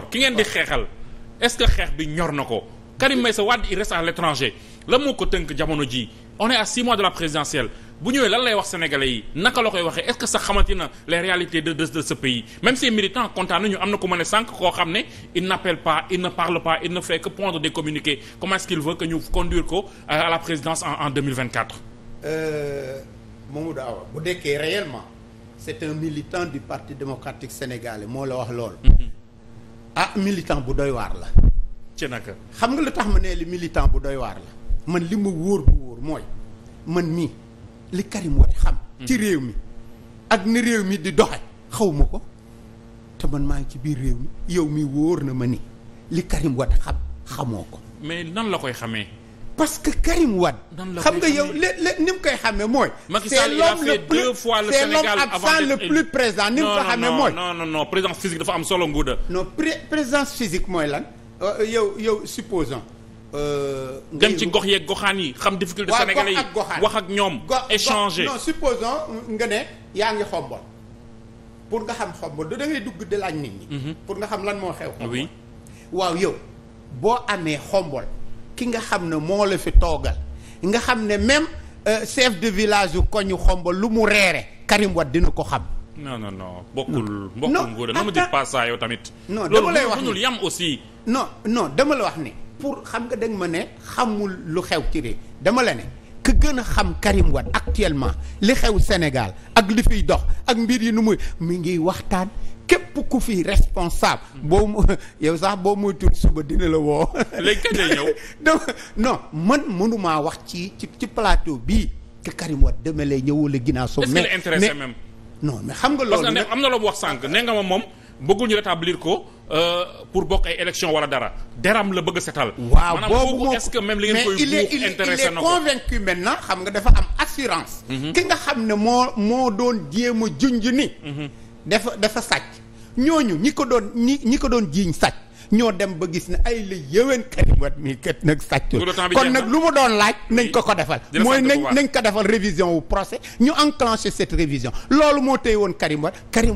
d'accord ki ngeen di xeexal est-ce que xeex bi ñor na ko Karim Meïssa Wade il reste à l'étranger la moo ko tënk jamono ji on est à six mois de la présidentielle bu ñëwee lan lay wax sénégalais yi naka la koy waxee est-ce que sax xamante na les réalités de de ce pays même ces militants kontaan nañu am na ku ma ne sànq koo xam ne il n'appelle pas il ne parle pas il ne fait que pondre des communiqués comment est-ce qu'il veut que ñu conduire ko euh, à la présidence en en euh, moo la wax loolu mhm. ah militant bu doy waar la. ci naka xam nga lu tax ma nee li militan bu doy waar la man li ma wóor bu wóor mooy man mii li Karim Wade xam. ci hmm. réew mi ak ni réew mi di doxe xaw ma ko te man maa ngi ci biir réew mi yow mi wóor na ma ni li Karim Wade xam xamoo ko. mais nan la koy xamee. parce que Karim Wade. xam nga yow li li ni mu koy xamee mooy. Macky Sall il a fait deux fois le Sénégal avant c'est l'homme absent le plus présent ni mu ko xamee mooy. non non non présence physique dafa am solo nguuda. non présence physique mooy lan euh, yow yow supposons. Euh, dem ci gox yeeg goxaan yi xam difficulté sénégalais yi wax ak ñoom échanger non supposons nga ne yaa ngi xombol pour nga xam xombol da ngay dugg di laaj nit ñi mhm. pour nga xam lan moo xew xombol waaw yow boo amee xombol ki nga xam ne moo la fi toogal nga xam ne même euh, chef de village yu koñu xombal lu mu reere Karim dina ko xam. non non non bokkul. bokkul nguur ne ma di ah, pas yow tamit. non dama lay wax loolu yam aussi. non non dama wax ni pour xam nga dégg ma ne xamul lu xew ci réew dama la ne. ki gën a xam Karim Wade actuellement li xew Sénégal ak li fiy dox ak mbir yi nu muy mi ngi waxtaan. képp ku fi responsable. boo yow sax boo moytuwul suba dina la woo. léegi kañ lay mënumaa wax ci ci ci plateau bii que Karim Wade demee lay ñëw wala ginnaaw. soo mais est-ce même. non mais loolu. am na loo wax sànq nee nga ma moom bëggul ñu rétablir ko euh, pour bokk ay élection wala dara deram la bëgg setal. waaw boobu moom que même li ngeen koy. mais il est il est convaincu maintenant xam nga dafa am assurance. Mhm. ki nga xam ne moo moo doon jéem a junj ni. Mhm. dafa dafa sàcc. ñooñu ñi ko doon ñi ñi ko doon jiiñ sàcc ñoo dem ba gis ne ay la yéwén Karim mii kat nag sàccul kon nag lu mu doon laaj nañ ko ko defal mooy nañ nañ ko defal révision wu procès ñu enclenché cette révision loolu moo tey woon Karim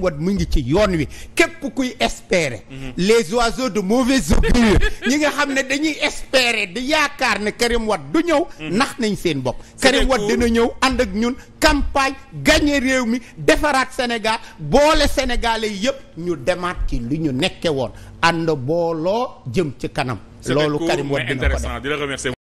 Wade mu ngi ci yoon wi képp kuy espérer mhm. les oiseaux de mauvaise augure ñi nga xam ne dañuy espérer di yaakaar ne Karim Wade du ñëw mhm. nax nañ seen bopp Karim Wade dina ñëw ànd ak ñun campagne gagné réew mi defaraat Sénégal boole sénégalais yépp ñu demaat ci li ñu nekke woon ànd booloo jëm ci kanam. loolu Karim Wade dina ko def